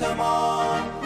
on.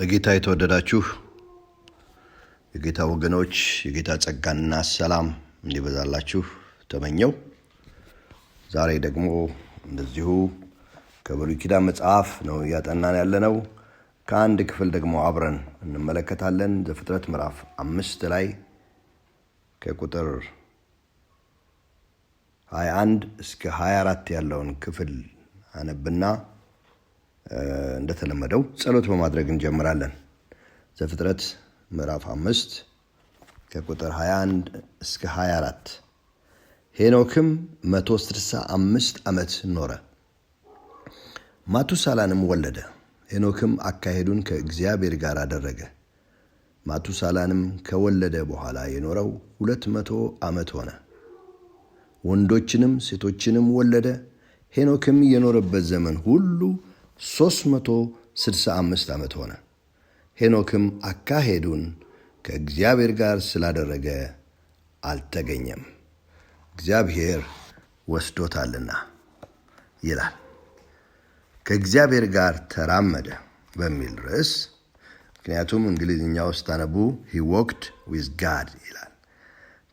በጌታ የተወደዳችሁ የጌታ ወገኖች የጌታ ጸጋና ሰላም እንዲበዛላችሁ ተመኘው። ዛሬ ደግሞ እንደዚሁ ከብሉይ ኪዳን መጽሐፍ ነው እያጠናን ያለነው። ከአንድ ክፍል ደግሞ አብረን እንመለከታለን። ዘፍጥረት ምዕራፍ አምስት ላይ ከቁጥር 21 እስከ 24 ያለውን ክፍል አነብና እንደተለመደው ጸሎት በማድረግ እንጀምራለን። ዘፍጥረት ምዕራፍ አምስት ከቁጥር 21 እስከ 24 ሄኖክም 165 ዓመት ኖረ፣ ማቱሳላንም ወለደ። ሄኖክም አካሄዱን ከእግዚአብሔር ጋር አደረገ። ማቱሳላንም ከወለደ በኋላ የኖረው ሁለት መቶ ዓመት ሆነ። ወንዶችንም ሴቶችንም ወለደ። ሄኖክም የኖረበት ዘመን ሁሉ 365 ዓመት ሆነ። ሄኖክም አካሄዱን ከእግዚአብሔር ጋር ስላደረገ አልተገኘም፣ እግዚአብሔር ወስዶታልና ይላል። ከእግዚአብሔር ጋር ተራመደ በሚል ርዕስ ምክንያቱም እንግሊዝኛ ውስጥ ታነቡ ሂ ዊዝ ጋድ ይላል።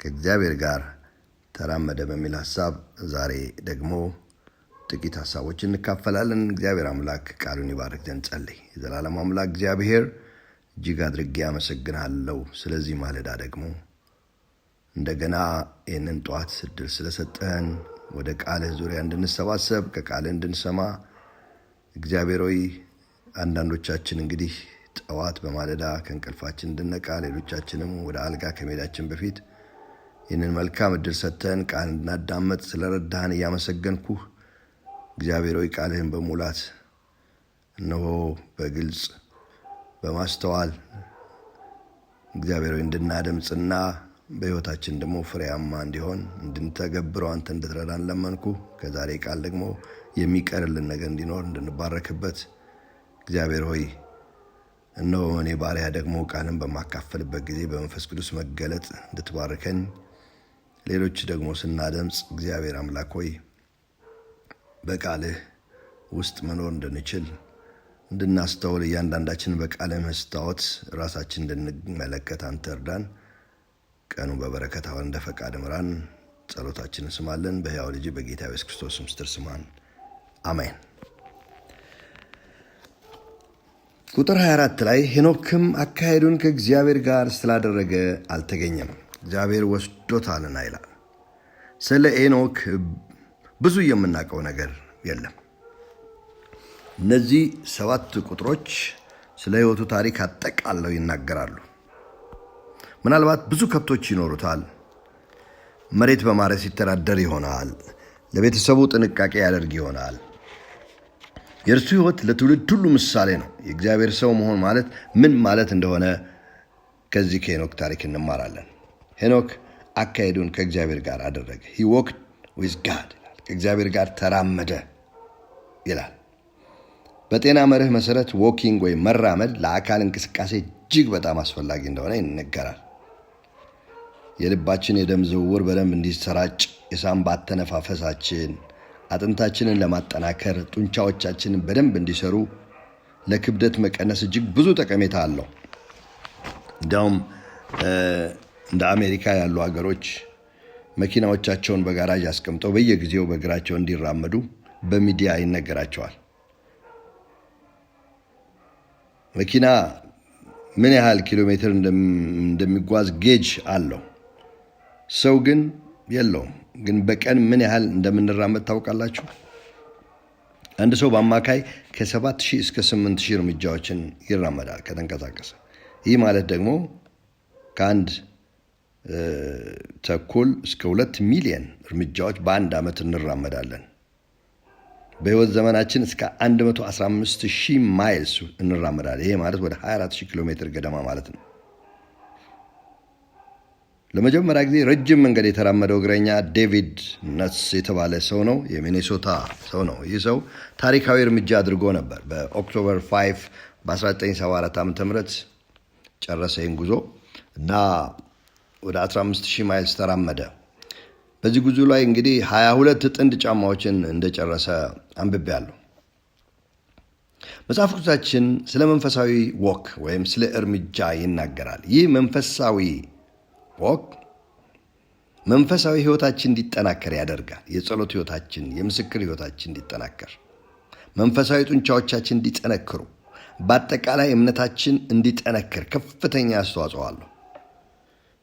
ከእግዚአብሔር ጋር ተራመደ በሚል ሀሳብ ዛሬ ደግሞ ጥቂት ሀሳቦች እንካፈላለን። እግዚአብሔር አምላክ ቃሉን ይባርክ ዘንድ ጸልይ። የዘላለም አምላክ እግዚአብሔር እጅግ አድርጌ አመሰግናለሁ። ስለዚህ ማለዳ ደግሞ እንደገና ይህንን ጠዋት ስድል ስለሰጠህን ወደ ቃልህ ዙሪያ እንድንሰባሰብ ከቃልህ እንድንሰማ እግዚአብሔር ሆይ አንዳንዶቻችን እንግዲህ ጠዋት በማለዳ ከእንቅልፋችን እንድነቃ፣ ሌሎቻችንም ወደ አልጋ ከመሄዳችን በፊት ይህንን መልካም እድል ሰጥተን ቃል እንድናዳመጥ ስለረዳህን እያመሰገንኩህ እግዚአብሔር ሆይ ቃልህን በሙላት እነሆ በግልጽ በማስተዋል እግዚአብሔር ሆይ እንድናደምፅና በሕይወታችን ደግሞ ፍሬያማ እንዲሆን እንድንተገብረው አንተ እንድትረዳን ለመንኩ። ከዛሬ ቃል ደግሞ የሚቀርልን ነገር እንዲኖር እንድንባረክበት እግዚአብሔር ሆይ እነሆ እኔ ባሪያ ደግሞ ቃልን በማካፈልበት ጊዜ በመንፈስ ቅዱስ መገለጥ እንድትባርከኝ ሌሎች ደግሞ ስናደምፅ እግዚአብሔር አምላክ ሆይ በቃልህ ውስጥ መኖር እንድንችል እንድናስተውል እያንዳንዳችን በቃለ መስታወት ራሳችን እንድንመለከት አንተ እርዳን። ቀኑ በበረከት አሁን እንደ ፈቃድ ምራን። ጸሎታችን እንስማለን። በሕያው ልጅ በጌታ ኢየሱስ ክርስቶስ ምስትር ስማን። አሜን። ቁጥር 24 ላይ ሄኖክም አካሄዱን ከእግዚአብሔር ጋር ስላደረገ አልተገኘም፣ እግዚአብሔር ወስዶታልና ይላል። ስለ ሄኖክ ብዙ የምናውቀው ነገር የለም። እነዚህ ሰባት ቁጥሮች ስለ ህይወቱ ታሪክ አጠቃለው ይናገራሉ። ምናልባት ብዙ ከብቶች ይኖሩታል። መሬት በማረስ ይተዳደር ይሆናል። ለቤተሰቡ ጥንቃቄ ያደርግ ይሆናል። የእርሱ ህይወት ለትውልድ ሁሉ ምሳሌ ነው። የእግዚአብሔር ሰው መሆን ማለት ምን ማለት እንደሆነ ከዚህ ከሄኖክ ታሪክ እንማራለን። ሄኖክ አካሄዱን ከእግዚአብሔር ጋር አደረገ። ሂ ዎክድ ዊዝ ጋድ ከእግዚአብሔር ጋር ተራመደ ይላል። በጤና መርህ መሰረት ዎኪንግ ወይም መራመድ ለአካል እንቅስቃሴ እጅግ በጣም አስፈላጊ እንደሆነ ይነገራል። የልባችን የደም ዝውውር በደንብ እንዲሰራጭ፣ የሳምባ አተነፋፈሳችን፣ አጥንታችንን ለማጠናከር፣ ጡንቻዎቻችንን በደንብ እንዲሰሩ፣ ለክብደት መቀነስ እጅግ ብዙ ጠቀሜታ አለው። እንዲያውም እንደ አሜሪካ ያሉ ሀገሮች መኪናዎቻቸውን በጋራጅ አስቀምጠው በየጊዜው በእግራቸው እንዲራመዱ በሚዲያ ይነገራቸዋል። መኪና ምን ያህል ኪሎ ሜትር እንደሚጓዝ ጌጅ አለው። ሰው ግን የለውም። ግን በቀን ምን ያህል እንደምንራመድ ታውቃላችሁ? አንድ ሰው በአማካይ ከ7000 እስከ 8000 እርምጃዎችን ይራመዳል ከተንቀሳቀሰ። ይህ ማለት ደግሞ ከአንድ ተኩል እስከ ሁለት ሚሊየን እርምጃዎች በአንድ ዓመት እንራመዳለን። በህይወት ዘመናችን እስከ 115 ሺህ ማይልስ እንራመዳለን። ይሄ ማለት ወደ 24 ሺህ ኪሎ ሜትር ገደማ ማለት ነው። ለመጀመሪያ ጊዜ ረጅም መንገድ የተራመደው እግረኛ ዴቪድ ነትስ የተባለ ሰው ነው። የሚኔሶታ ሰው ነው። ይህ ሰው ታሪካዊ እርምጃ አድርጎ ነበር። በኦክቶበር 5 በ1974 ዓ ም ጨረሰ ይህን ጉዞ እና ወደ 15000 ማይልስ ተራመደ። በዚህ ጉዞ ላይ እንግዲህ 22 ጥንድ ጫማዎችን እንደጨረሰ አንብቤያለሁ። መጽሐፍ ቅዱሳችን ስለ መንፈሳዊ ወክ ወይም ስለ እርምጃ ይናገራል። ይህ መንፈሳዊ ወክ መንፈሳዊ ሕይወታችን እንዲጠናከር ያደርጋል። የጸሎት ሕይወታችን፣ የምስክር ሕይወታችን እንዲጠናከር፣ መንፈሳዊ ጡንቻዎቻችን እንዲጠነክሩ፣ በአጠቃላይ እምነታችን እንዲጠነክር ከፍተኛ አስተዋጽኦ አለው።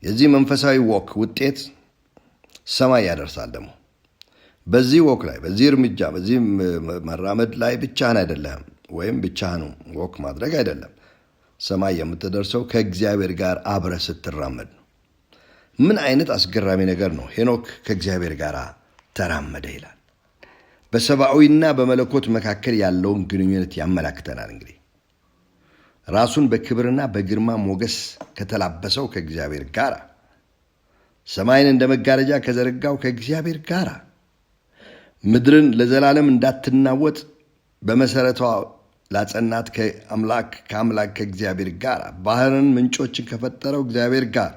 የዚህ መንፈሳዊ ወክ ውጤት ሰማይ ያደርሳል። ደግሞ በዚህ ወክ ላይ በዚህ እርምጃ በዚህ መራመድ ላይ ብቻህን አይደለም፣ ወይም ብቻህን ወክ ማድረግ አይደለም። ሰማይ የምትደርሰው ከእግዚአብሔር ጋር አብረ ስትራመድ ነው። ምን አይነት አስገራሚ ነገር ነው! ሄኖክ ከእግዚአብሔር ጋር ተራመደ ይላል። በሰብአዊና በመለኮት መካከል ያለውን ግንኙነት ያመላክተናል እንግዲህ ራሱን በክብርና በግርማ ሞገስ ከተላበሰው ከእግዚአብሔር ጋር ሰማይን እንደ መጋረጃ ከዘረጋው ከእግዚአብሔር ጋር ምድርን ለዘላለም እንዳትናወጥ በመሠረቷ ላጸናት ከአምላክ ከአምላክ ከእግዚአብሔር ጋር ባህርን ምንጮችን ከፈጠረው እግዚአብሔር ጋር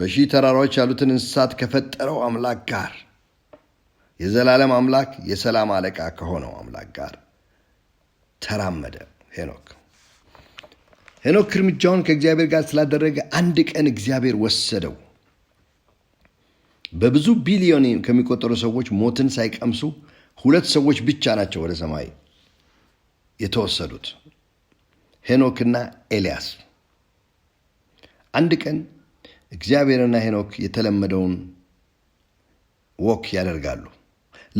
በሺህ ተራራዎች ያሉትን እንስሳት ከፈጠረው አምላክ ጋር የዘላለም አምላክ የሰላም አለቃ ከሆነው አምላክ ጋር ተራመደ። ሄኖክ ሄኖክ እርምጃውን ከእግዚአብሔር ጋር ስላደረገ አንድ ቀን እግዚአብሔር ወሰደው። በብዙ ቢሊዮን ከሚቆጠሩ ሰዎች ሞትን ሳይቀምሱ ሁለት ሰዎች ብቻ ናቸው ወደ ሰማይ የተወሰዱት፣ ሄኖክና ኤልያስ። አንድ ቀን እግዚአብሔርና ሄኖክ የተለመደውን ወክ ያደርጋሉ።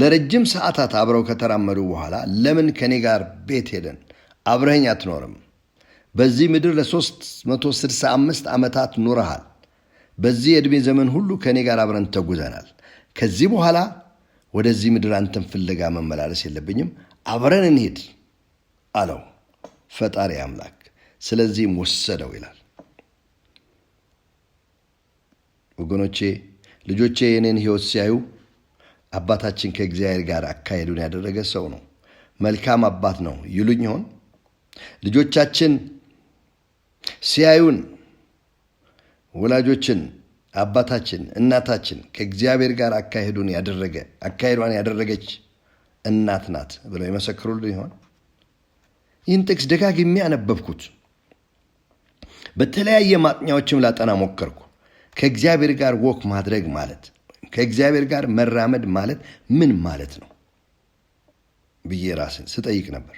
ለረጅም ሰዓታት አብረው ከተራመዱ በኋላ ለምን ከእኔ ጋር ቤት ሄደን አብረኸኝ አትኖርም። በዚህ ምድር ለ365 ዓመታት ኑረሃል። በዚህ የዕድሜ ዘመን ሁሉ ከእኔ ጋር አብረን ተጉዘናል። ከዚህ በኋላ ወደዚህ ምድር አንተን ፍለጋ መመላለስ የለብኝም፣ አብረን እንሄድ አለው ፈጣሪ አምላክ። ስለዚህም ወሰደው ይላል። ወገኖቼ ልጆቼ የኔን ሕይወት ሲያዩ አባታችን ከእግዚአብሔር ጋር አካሄዱን ያደረገ ሰው ነው፣ መልካም አባት ነው ይሉኝ ይሆን? ልጆቻችን ሲያዩን ወላጆችን አባታችን እናታችን ከእግዚአብሔር ጋር አካሄዱን ያደረገ አካሄዷን ያደረገች እናት ናት ብለው የመሰክሩልን ይሆን? ይህን ጥቅስ ደጋግሜ የሚያነበብኩት በተለያየ ማጥኛዎችም ላጠና ሞከርኩ። ከእግዚአብሔር ጋር ወክ ማድረግ ማለት ከእግዚአብሔር ጋር መራመድ ማለት ምን ማለት ነው ብዬ ራስን ስጠይቅ ነበር።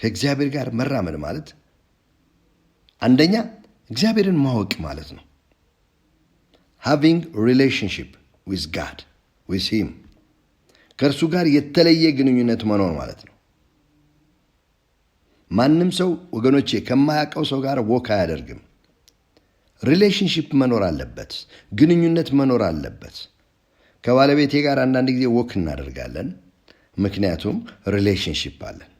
ከእግዚአብሔር ጋር መራመድ ማለት አንደኛ እግዚአብሔርን ማወቅ ማለት ነው። ሃቪንግ ሪሌሽንሽፕ ዊዝ ጋድ ዊዝ ሂም ከእርሱ ጋር የተለየ ግንኙነት መኖር ማለት ነው። ማንም ሰው ወገኖቼ ከማያውቀው ሰው ጋር ወክ አያደርግም። ሪሌሽንሽፕ መኖር አለበት፣ ግንኙነት መኖር አለበት። ከባለቤቴ ጋር አንዳንድ ጊዜ ወክ እናደርጋለን፣ ምክንያቱም ሪሌሽንሽፕ አለን።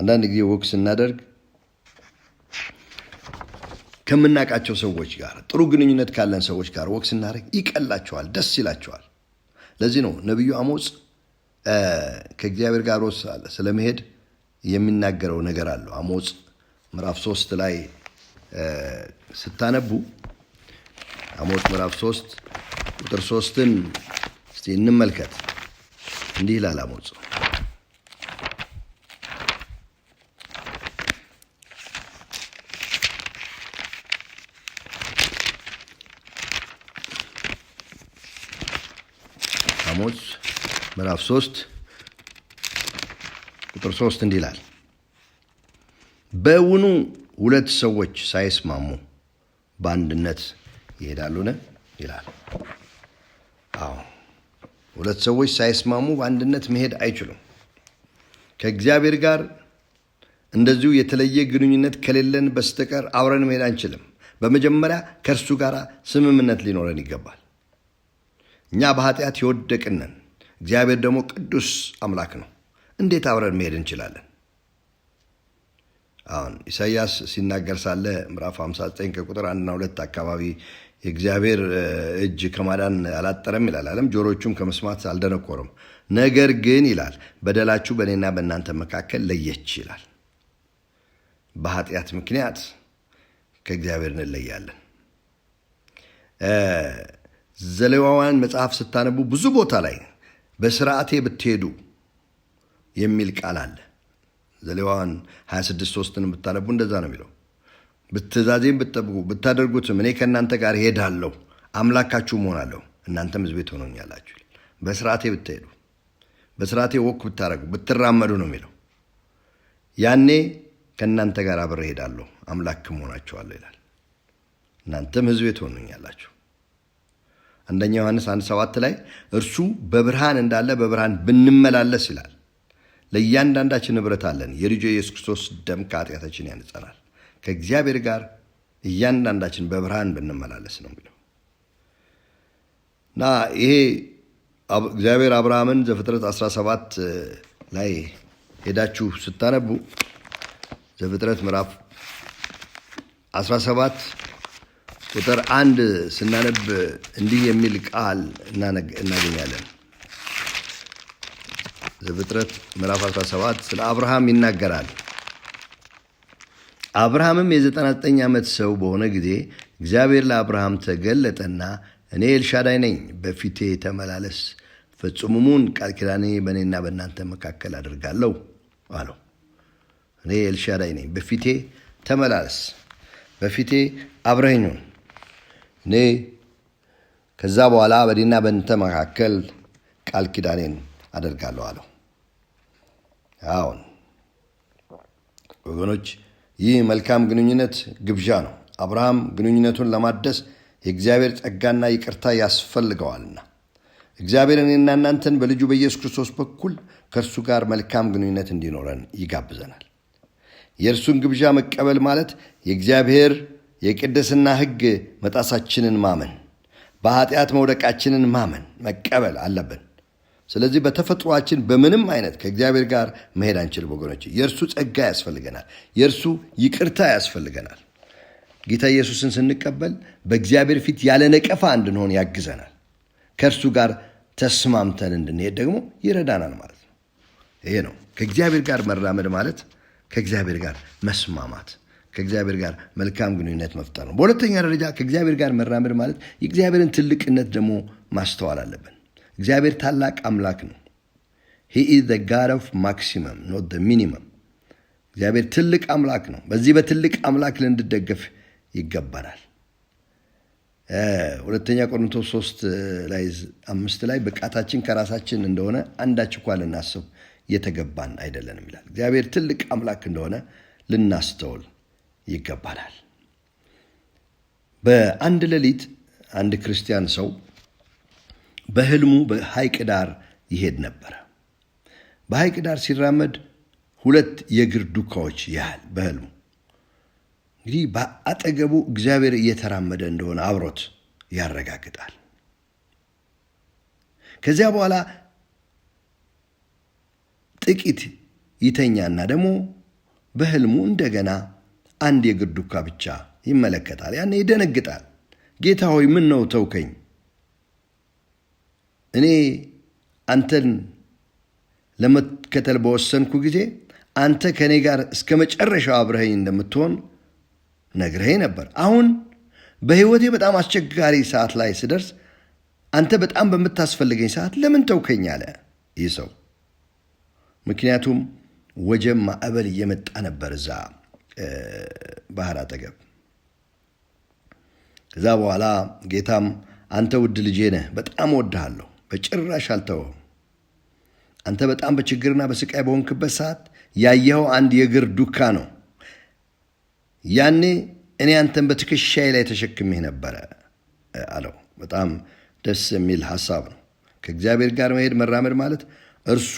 አንዳንድ ጊዜ ወክ ስናደርግ ከምናውቃቸው ሰዎች ጋር ጥሩ ግንኙነት ካለን ሰዎች ጋር ወክ ስናደርግ ይቀላቸዋል፣ ደስ ይላቸዋል። ለዚህ ነው ነቢዩ አሞጽ ከእግዚአብሔር ጋር ስለመሄድ የሚናገረው ነገር አለው። አሞጽ ምዕራፍ ሶስት ላይ ስታነቡ አሞጽ ምዕራፍ ሶስት ቁጥር ሶስትን እስቲ እንመልከት። እንዲህ ይላል አሞጽ ዜናሞች ምዕራፍ 3 ቁጥር 3 እንዲህ ይላል፣ በውኑ ሁለት ሰዎች ሳይስማሙ በአንድነት ይሄዳሉን? ይላል። አዎ ሁለት ሰዎች ሳይስማሙ በአንድነት መሄድ አይችሉም። ከእግዚአብሔር ጋር እንደዚሁ የተለየ ግንኙነት ከሌለን በስተቀር አብረን መሄድ አንችልም። በመጀመሪያ ከእርሱ ጋር ስምምነት ሊኖረን ይገባል። እኛ በኃጢአት የወደቅንን እግዚአብሔር ደግሞ ቅዱስ አምላክ ነው። እንዴት አብረን መሄድ እንችላለን? አሁን ኢሳይያስ ሲናገር ሳለ ምዕራፍ 59 ከቁጥር አንድና ሁለት አካባቢ የእግዚአብሔር እጅ ከማዳን አላጠረም ይላል አለም ጆሮቹም ከመስማት አልደነኮረም። ነገር ግን ይላል በደላችሁ በእኔና በእናንተ መካከል ለየች ይላል። በኃጢአት ምክንያት ከእግዚአብሔር እንለያለን። ዘሌዋውያን መጽሐፍ ስታነቡ ብዙ ቦታ ላይ በስርዓቴ ብትሄዱ የሚል ቃል አለ። ዘሌዋውያን 26 ሶስትን ብታነቡ እንደዛ ነው የሚለው። ትእዛዜን ብትጠብቁ ብታደርጉትም እኔ ከእናንተ ጋር እሄዳለሁ፣ አምላካችሁም መሆናለሁ እናንተም ሕዝቤ ትሆኑኛላችሁ። በስርዓቴ ብትሄዱ፣ በስርዓቴ ወክ ብታደረጉ ብትራመዱ ነው የሚለው። ያኔ ከእናንተ ጋር አብሬ እሄዳለሁ፣ አምላክ እሆናችኋለሁ ይላል። እናንተም ሕዝቤ ትሆኑኛላችሁ። አንደኛ ዮሐንስ አንድ ሰባት ላይ እርሱ በብርሃን እንዳለ በብርሃን ብንመላለስ ይላል። ለእያንዳንዳችን ንብረት አለን። የልጁ የኢየሱስ ክርስቶስ ደም ከኃጢአታችን ያንጸናል። ከእግዚአብሔር ጋር እያንዳንዳችን በብርሃን ብንመላለስ ነው የሚለው እና ይሄ እግዚአብሔር አብርሃምን ዘፍጥረት 17 ላይ ሄዳችሁ ስታነቡ ዘፍጥረት ምዕራፍ 17 ቁጥር አንድ ስናነብ እንዲህ የሚል ቃል እናገኛለን። ዘፍጥረት ምዕራፍ 17 ስለ አብርሃም ይናገራል። አብርሃምም የ99 ዓመት ሰው በሆነ ጊዜ እግዚአብሔር ለአብርሃም ተገለጠና እኔ ኤልሻዳይ ነኝ፣ በፊቴ ተመላለስ፣ ፈጽሙሙን ቃል ኪዳኔ በእኔና በእናንተ መካከል አድርጋለሁ አለው። እኔ ኤልሻዳይ ነኝ፣ በፊቴ ተመላለስ፣ በፊቴ አብረኸኝ እኔ ከዛ በኋላ በእኔና በእንተ መካከል ቃል ኪዳኔን አደርጋለሁ አለው። አዎን ወገኖች፣ ይህ መልካም ግንኙነት ግብዣ ነው። አብርሃም ግንኙነቱን ለማደስ የእግዚአብሔር ጸጋና ይቅርታ ያስፈልገዋልና እግዚአብሔር እኔና እናንተን በልጁ በኢየሱስ ክርስቶስ በኩል ከእርሱ ጋር መልካም ግንኙነት እንዲኖረን ይጋብዘናል። የእርሱን ግብዣ መቀበል ማለት የእግዚአብሔር የቅድስና ሕግ መጣሳችንን ማመን፣ በኃጢአት መውደቃችንን ማመን መቀበል አለብን። ስለዚህ በተፈጥሯችን በምንም አይነት ከእግዚአብሔር ጋር መሄድ አንችልም ወገኖች። የእርሱ ጸጋ ያስፈልገናል። የእርሱ ይቅርታ ያስፈልገናል። ጌታ ኢየሱስን ስንቀበል በእግዚአብሔር ፊት ያለ ነቀፋ እንድንሆን ያግዘናል። ከእርሱ ጋር ተስማምተን እንድንሄድ ደግሞ ይረዳናል ማለት ነው። ይሄ ነው ከእግዚአብሔር ጋር መራመድ ማለት ከእግዚአብሔር ጋር መስማማት ከእግዚአብሔር ጋር መልካም ግንኙነት መፍጠር ነው። በሁለተኛ ደረጃ ከእግዚአብሔር ጋር መራመድ ማለት የእግዚአብሔርን ትልቅነት ደግሞ ማስተዋል አለብን። እግዚአብሔር ታላቅ አምላክ ነው። ሂ ኢዝ ዘ ጋድ ኦፍ ማክሲመም ኖት ዘ ሚኒመም። እግዚአብሔር ትልቅ አምላክ ነው። በዚህ በትልቅ አምላክ ልንድደገፍ ይገባናል። ሁለተኛ ቆሮንቶስ ሶስት ላይ አምስት ላይ ብቃታችን ከራሳችን እንደሆነ አንዳች እንኳ ልናስብ የተገባን አይደለንም ይላል። እግዚአብሔር ትልቅ አምላክ እንደሆነ ልናስተውል ይገባናል። በአንድ ሌሊት አንድ ክርስቲያን ሰው በህልሙ በሐይቅ ዳር ይሄድ ነበረ። በሐይቅ ዳር ሲራመድ ሁለት የእግር ዱካዎች ያህል በህልሙ እንግዲህ በአጠገቡ እግዚአብሔር እየተራመደ እንደሆነ አብሮት ያረጋግጣል። ከዚያ በኋላ ጥቂት ይተኛና ደግሞ በህልሙ እንደገና አንድ የእግር ዱካ ብቻ ይመለከታል። ያኔ ይደነግጣል። ጌታ ሆይ ምን ነው ተውከኝ? እኔ አንተን ለመከተል በወሰንኩ ጊዜ አንተ ከእኔ ጋር እስከ መጨረሻው አብረኸኝ እንደምትሆን ነግረኸኝ ነበር። አሁን በሕይወቴ በጣም አስቸጋሪ ሰዓት ላይ ስደርስ አንተ በጣም በምታስፈልገኝ ሰዓት ለምን ተውከኝ? አለ ይህ ሰው። ምክንያቱም ወጀብ ማዕበል እየመጣ ነበር እዛ ባህር አጠገብ። ከዛ በኋላ ጌታም አንተ ውድ ልጄ ነህ፣ በጣም ወድሃለሁ፣ በጭራሽ አልተወውም። አንተ በጣም በችግርና በስቃይ በሆንክበት ሰዓት ያየኸው አንድ የእግር ዱካ ነው። ያኔ እኔ አንተን በትከሻዬ ላይ ተሸክሜህ ነበረ አለው። በጣም ደስ የሚል ሀሳብ ነው። ከእግዚአብሔር ጋር መሄድ መራመድ ማለት እርሱ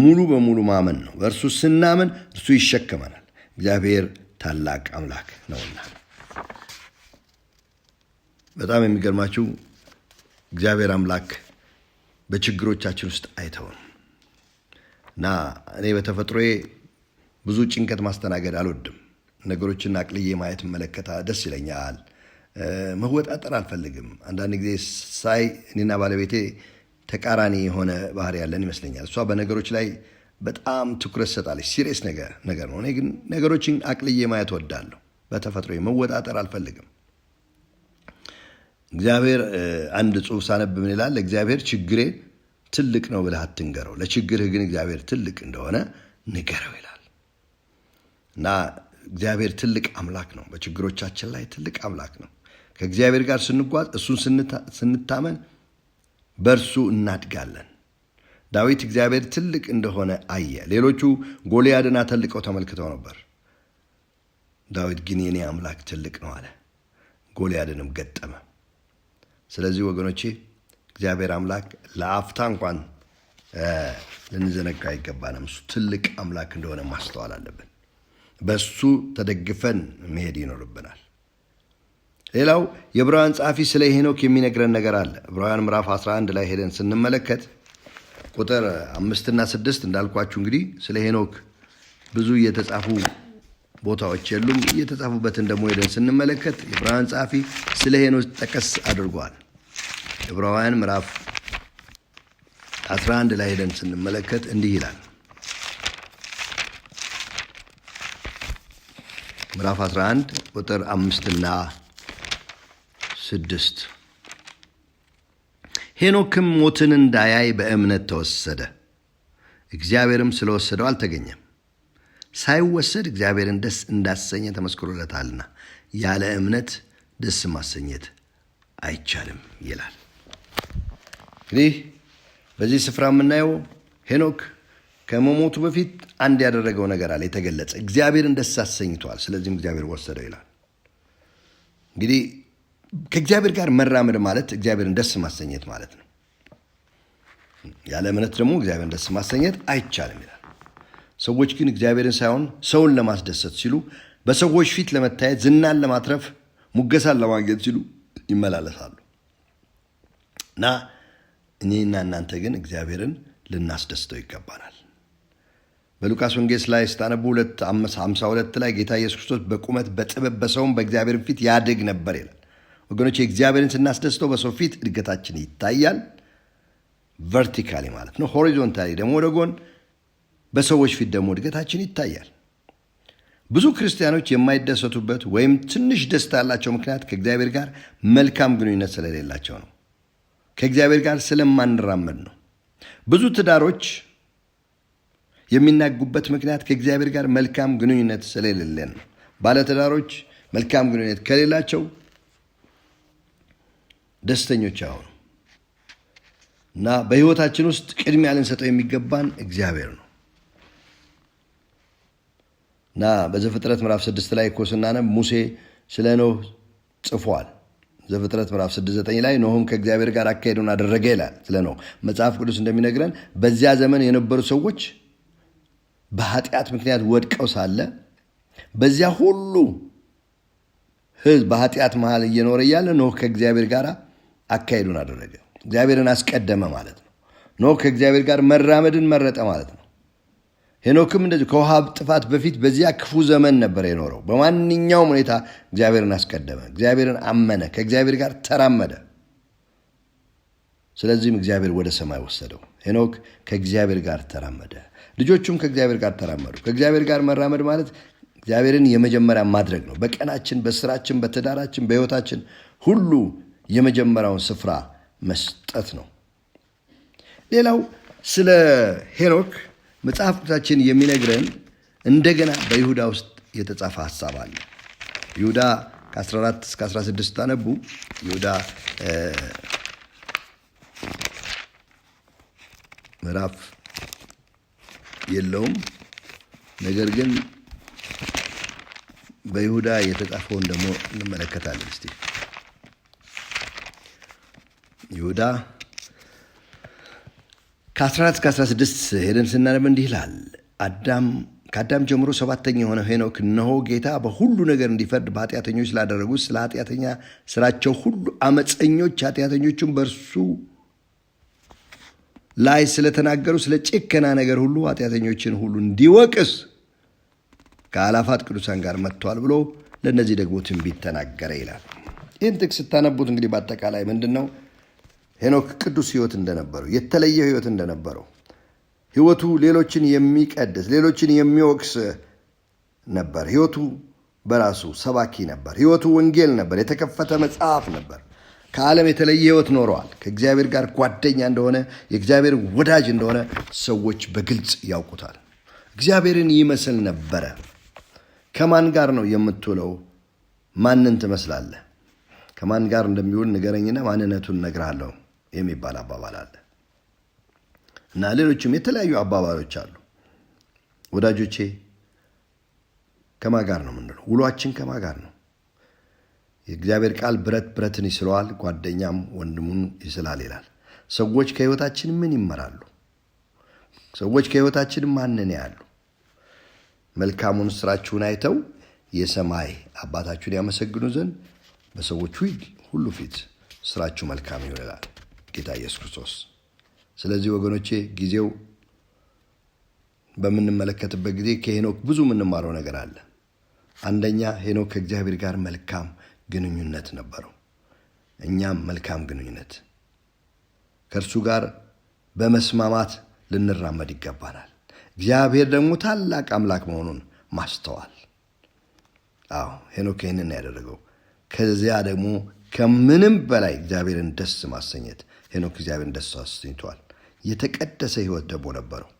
ሙሉ በሙሉ ማመን ነው። በእርሱ ስናምን እርሱ ይሸከመናል። እግዚአብሔር ታላቅ አምላክ ነውና። በጣም የሚገርማችሁ እግዚአብሔር አምላክ በችግሮቻችን ውስጥ አይተውም። እና እኔ በተፈጥሮዬ ብዙ ጭንቀት ማስተናገድ አልወድም። ነገሮችን አቅልዬ ማየት መለከታ ደስ ይለኛል። መወጣጠር አልፈልግም። አንዳንድ ጊዜ ሳይ እኔና ባለቤቴ ተቃራኒ የሆነ ባህሪ ያለን ይመስለኛል። እሷ በነገሮች ላይ በጣም ትኩረት ሰጣለች። ሲሪየስ ነገር ነው። እኔ ግን ነገሮችን አቅልዬ ማየት ወዳለሁ። በተፈጥሮ መወጣጠር አልፈልግም። እግዚአብሔር አንድ ጽሑፍ ሳነብ ምን ይላል? እግዚአብሔር ችግሬ ትልቅ ነው ብለህ አትንገረው፣ ለችግርህ ግን እግዚአብሔር ትልቅ እንደሆነ ንገረው ይላል እና እግዚአብሔር ትልቅ አምላክ ነው። በችግሮቻችን ላይ ትልቅ አምላክ ነው። ከእግዚአብሔር ጋር ስንጓዝ፣ እሱን ስንታመን፣ በእርሱ እናድጋለን። ዳዊት እግዚአብሔር ትልቅ እንደሆነ አየ። ሌሎቹ ጎልያድን አተልቀው ተመልክተው ነበር። ዳዊት ግን የኔ አምላክ ትልቅ ነው አለ፣ ጎልያድንም ገጠመ። ስለዚህ ወገኖቼ እግዚአብሔር አምላክ ለአፍታ እንኳን ልንዘነጋ አይገባንም። እሱ ትልቅ አምላክ እንደሆነ ማስተዋል አለብን። በሱ ተደግፈን መሄድ ይኖርብናል። ሌላው የዕብራውያን ጸሐፊ ስለ ሄኖክ የሚነግረን ነገር አለ። ዕብራውያን ምዕራፍ 11 ላይ ሄደን ስንመለከት ቁጥር አምስትና ስድስት እንዳልኳችሁ እንግዲህ ስለ ሄኖክ ብዙ እየተጻፉ ቦታዎች የሉም። እየተጻፉበትን ደግሞ ሄደን ስንመለከት የዕብራውያን ጸሐፊ ስለ ሄኖክ ጠቀስ አድርጓል። ዕብራውያን ምዕራፍ 11 ላይ ሄደን ስንመለከት እንዲህ ይላል። ምዕራፍ 11 ቁጥር አምስትና ስድስት ሄኖክም ሞትን እንዳያይ በእምነት ተወሰደ፣ እግዚአብሔርም ስለወሰደው አልተገኘም። ሳይወሰድ እግዚአብሔርን ደስ እንዳሰኘ ተመስክሮለታልና ያለ እምነት ደስ ማሰኘት አይቻልም ይላል። እንግዲህ በዚህ ስፍራ የምናየው ሄኖክ ከመሞቱ በፊት አንድ ያደረገው ነገር አለ የተገለጸ እግዚአብሔርን ደስ አሰኝተዋል። ስለዚህም እግዚአብሔር ወሰደው ይላል እንግዲህ ከእግዚአብሔር ጋር መራመድ ማለት እግዚአብሔርን ደስ ማሰኘት ማለት ነው። ያለ እምነት ደግሞ እግዚአብሔርን ደስ ማሰኘት አይቻልም ይላል። ሰዎች ግን እግዚአብሔርን ሳይሆን ሰውን ለማስደሰት ሲሉ፣ በሰዎች ፊት ለመታየት፣ ዝናን ለማትረፍ፣ ሙገሳን ለማግኘት ሲሉ ይመላለሳሉ እና እኔና እናንተ ግን እግዚአብሔርን ልናስደስተው ይገባናል። በሉቃስ ወንጌስ ላይ ስታነቡ ሁለት ሃምሳ ሁለት ላይ ጌታ ኢየሱስ ክርስቶስ በቁመት በጥበብ በሰውም በእግዚአብሔር ፊት ያድግ ነበር ይላል። ወገኖች የእግዚአብሔርን ስናስደስተው በሰው ፊት እድገታችን ይታያል። ቨርቲካሊ ማለት ነው። ሆሪዞንታሊ ደግሞ ወደ ጎን በሰዎች ፊት ደግሞ እድገታችን ይታያል። ብዙ ክርስቲያኖች የማይደሰቱበት ወይም ትንሽ ደስታ ያላቸው ምክንያት ከእግዚአብሔር ጋር መልካም ግንኙነት ስለሌላቸው ነው። ከእግዚአብሔር ጋር ስለማንራመድ ነው። ብዙ ትዳሮች የሚናጉበት ምክንያት ከእግዚአብሔር ጋር መልካም ግንኙነት ስለሌለን ነው። ባለትዳሮች መልካም ግንኙነት ከሌላቸው ደስተኞች አሁኑ እና በህይወታችን ውስጥ ቅድሚያ ልንሰጠው የሚገባን እግዚአብሔር ነው እና በዘፍጥረት ምዕራፍ ስድስት ላይ እኮ ስናነብ ሙሴ ስለ ኖህ ጽፏል። ዘፍጥረት ምዕራፍ ዘጠኝ ላይ ኖህም ከእግዚአብሔር ጋር አካሄዱን አደረገ ይላል። ስለ ኖህ መጽሐፍ ቅዱስ እንደሚነግረን በዚያ ዘመን የነበሩ ሰዎች በኃጢአት ምክንያት ወድቀው ሳለ በዚያ ሁሉ ህዝብ በኃጢአት መሃል እየኖረ እያለ ኖህ ከእግዚአብሔር ጋር አካሄዱን አደረገ። እግዚአብሔርን አስቀደመ ማለት ነው። ኖህ ከእግዚአብሔር ጋር መራመድን መረጠ ማለት ነው። ሄኖክም እንደዚህ ከውሃ ጥፋት በፊት በዚያ ክፉ ዘመን ነበር የኖረው። በማንኛውም ሁኔታ እግዚአብሔርን አስቀደመ፣ እግዚአብሔርን አመነ፣ ከእግዚአብሔር ጋር ተራመደ። ስለዚህም እግዚአብሔር ወደ ሰማይ ወሰደው። ሄኖክ ከእግዚአብሔር ጋር ተራመደ፣ ልጆቹም ከእግዚአብሔር ጋር ተራመዱ። ከእግዚአብሔር ጋር መራመድ ማለት እግዚአብሔርን የመጀመሪያ ማድረግ ነው። በቀናችን፣ በስራችን፣ በትዳራችን፣ በህይወታችን ሁሉ የመጀመሪያውን ስፍራ መስጠት ነው። ሌላው ስለ ሄኖክ መጽሐፍ ቅዱሳችን የሚነግረን እንደገና በይሁዳ ውስጥ የተጻፈ ሀሳብ አለ። ይሁዳ ከ14 እስከ 16 ታነቡ። ይሁዳ ምዕራፍ የለውም። ነገር ግን በይሁዳ የተጻፈውን ደግሞ እንመለከታለን እስቲ ይሁዳ ከ14 እስከ 16 ሄደን ስናነብ እንዲህ ይላል። አዳም ከአዳም ጀምሮ ሰባተኛ የሆነ ሄኖክ እነሆ ጌታ በሁሉ ነገር እንዲፈርድ በኃጢአተኞች ስላደረጉት ስለ ኃጢአተኛ ስራቸው ሁሉ አመፀኞች ኃጢአተኞቹም በእርሱ ላይ ስለተናገሩ ስለ ጭከና ነገር ሁሉ ኃጢአተኞችን ሁሉ እንዲወቅስ ከአላፋት ቅዱሳን ጋር መጥተዋል ብሎ ለእነዚህ ደግሞ ትንቢት ተናገረ ይላል። ይህን ጥቅስ ስታነቡት እንግዲህ በአጠቃላይ ምንድን ነው? ሄኖክ ቅዱስ ህይወት እንደነበረው የተለየ ህይወት እንደነበረው ህይወቱ ሌሎችን የሚቀድስ ሌሎችን የሚወቅስ ነበር። ህይወቱ በራሱ ሰባኪ ነበር። ህይወቱ ወንጌል ነበር፣ የተከፈተ መጽሐፍ ነበር። ከዓለም የተለየ ህይወት ኖረዋል። ከእግዚአብሔር ጋር ጓደኛ እንደሆነ፣ የእግዚአብሔር ወዳጅ እንደሆነ ሰዎች በግልጽ ያውቁታል። እግዚአብሔርን ይመስል ነበረ። ከማን ጋር ነው የምትውለው? ማንን ትመስላለህ? ከማን ጋር እንደሚውል ንገረኝና ማንነቱን እነግርሃለሁ። የሚባል አባባል አለ እና ሌሎችም የተለያዩ አባባሎች አሉ። ወዳጆቼ ከማ ጋር ነው ምንለው? ውሏችን ከማ ጋር ነው? የእግዚአብሔር ቃል ብረት ብረትን ይስለዋል፣ ጓደኛም ወንድሙን ይስላል ይላል። ሰዎች ከህይወታችን ምን ይመራሉ? ሰዎች ከህይወታችን ማንን ያሉ? መልካሙን ስራችሁን አይተው የሰማይ አባታችሁን ያመሰግኑ ዘንድ በሰዎቹ ሁሉ ፊት ስራችሁ መልካም ይሆናል። ጌታ ኢየሱስ ክርስቶስ። ስለዚህ ወገኖቼ ጊዜው በምንመለከትበት ጊዜ ከሄኖክ ብዙ የምንማረው ነገር አለ። አንደኛ ሄኖክ ከእግዚአብሔር ጋር መልካም ግንኙነት ነበረው። እኛም መልካም ግንኙነት ከእርሱ ጋር በመስማማት ልንራመድ ይገባናል። እግዚአብሔር ደግሞ ታላቅ አምላክ መሆኑን ማስተዋል። አዎ ሄኖክ ይህንን ያደረገው። ከዚያ ደግሞ ከምንም በላይ እግዚአብሔርን ደስ ማሰኘት ሄኖክ እግዚአብሔር ደስ አሰኝቷል። የተቀደሰ ህይወት ደግሞ ነበረው።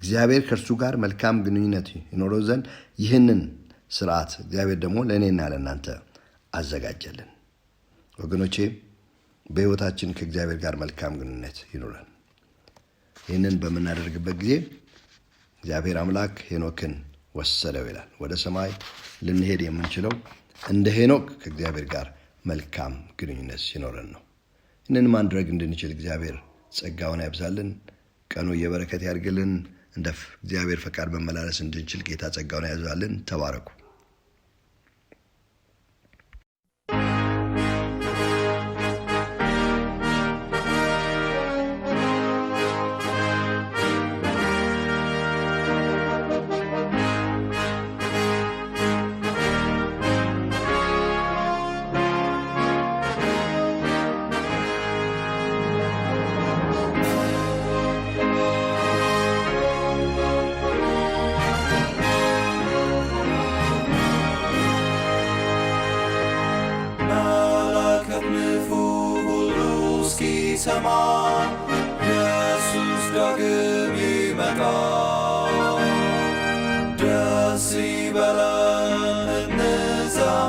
እግዚአብሔር ከእርሱ ጋር መልካም ግንኙነት ይኖረው ዘንድ ይህንን ስርዓት እግዚአብሔር ደግሞ ለእኔና ለእናንተ አዘጋጀልን። ወገኖቼ በህይወታችን ከእግዚአብሔር ጋር መልካም ግንኙነት ይኖረን። ይህንን በምናደርግበት ጊዜ እግዚአብሔር አምላክ ሄኖክን ወሰደው ይላል። ወደ ሰማይ ልንሄድ የምንችለው እንደ ሄኖክ ከእግዚአብሔር ጋር መልካም ግንኙነት ሲኖረን ነው። ይህንን ማድረግ እንድንችል እግዚአብሔር ጸጋውን ያብዛልን። ቀኑ የበረከት ያድርግልን። እንደ እግዚአብሔር ፈቃድ መመላለስ እንድንችል ጌታ ጸጋውን ያብዛልን። ተባረኩ።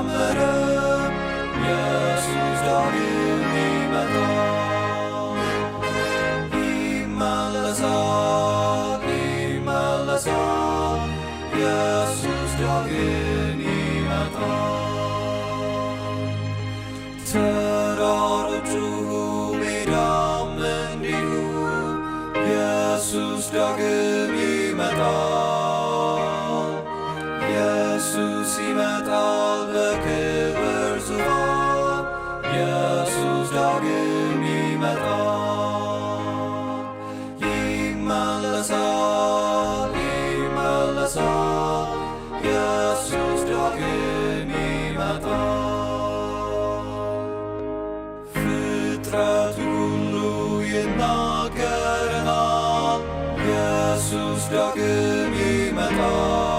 summer ፍጥረቱ ሁሉ ይናገረናል ኢየሱስ ዳግም ይመጣል።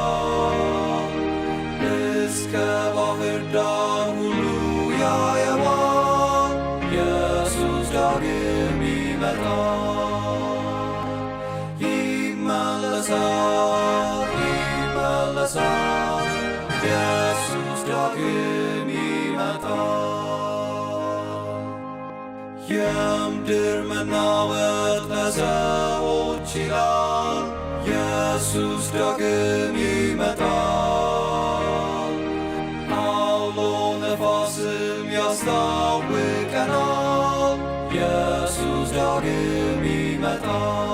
ምድር መናወጥ ለሰዎች ይላል። ኢየሱስ ዳግም ይመጣል። አውሎ ነፋስም ያስታውቀናል። ኢየሱስ ዳግም ይመጣል።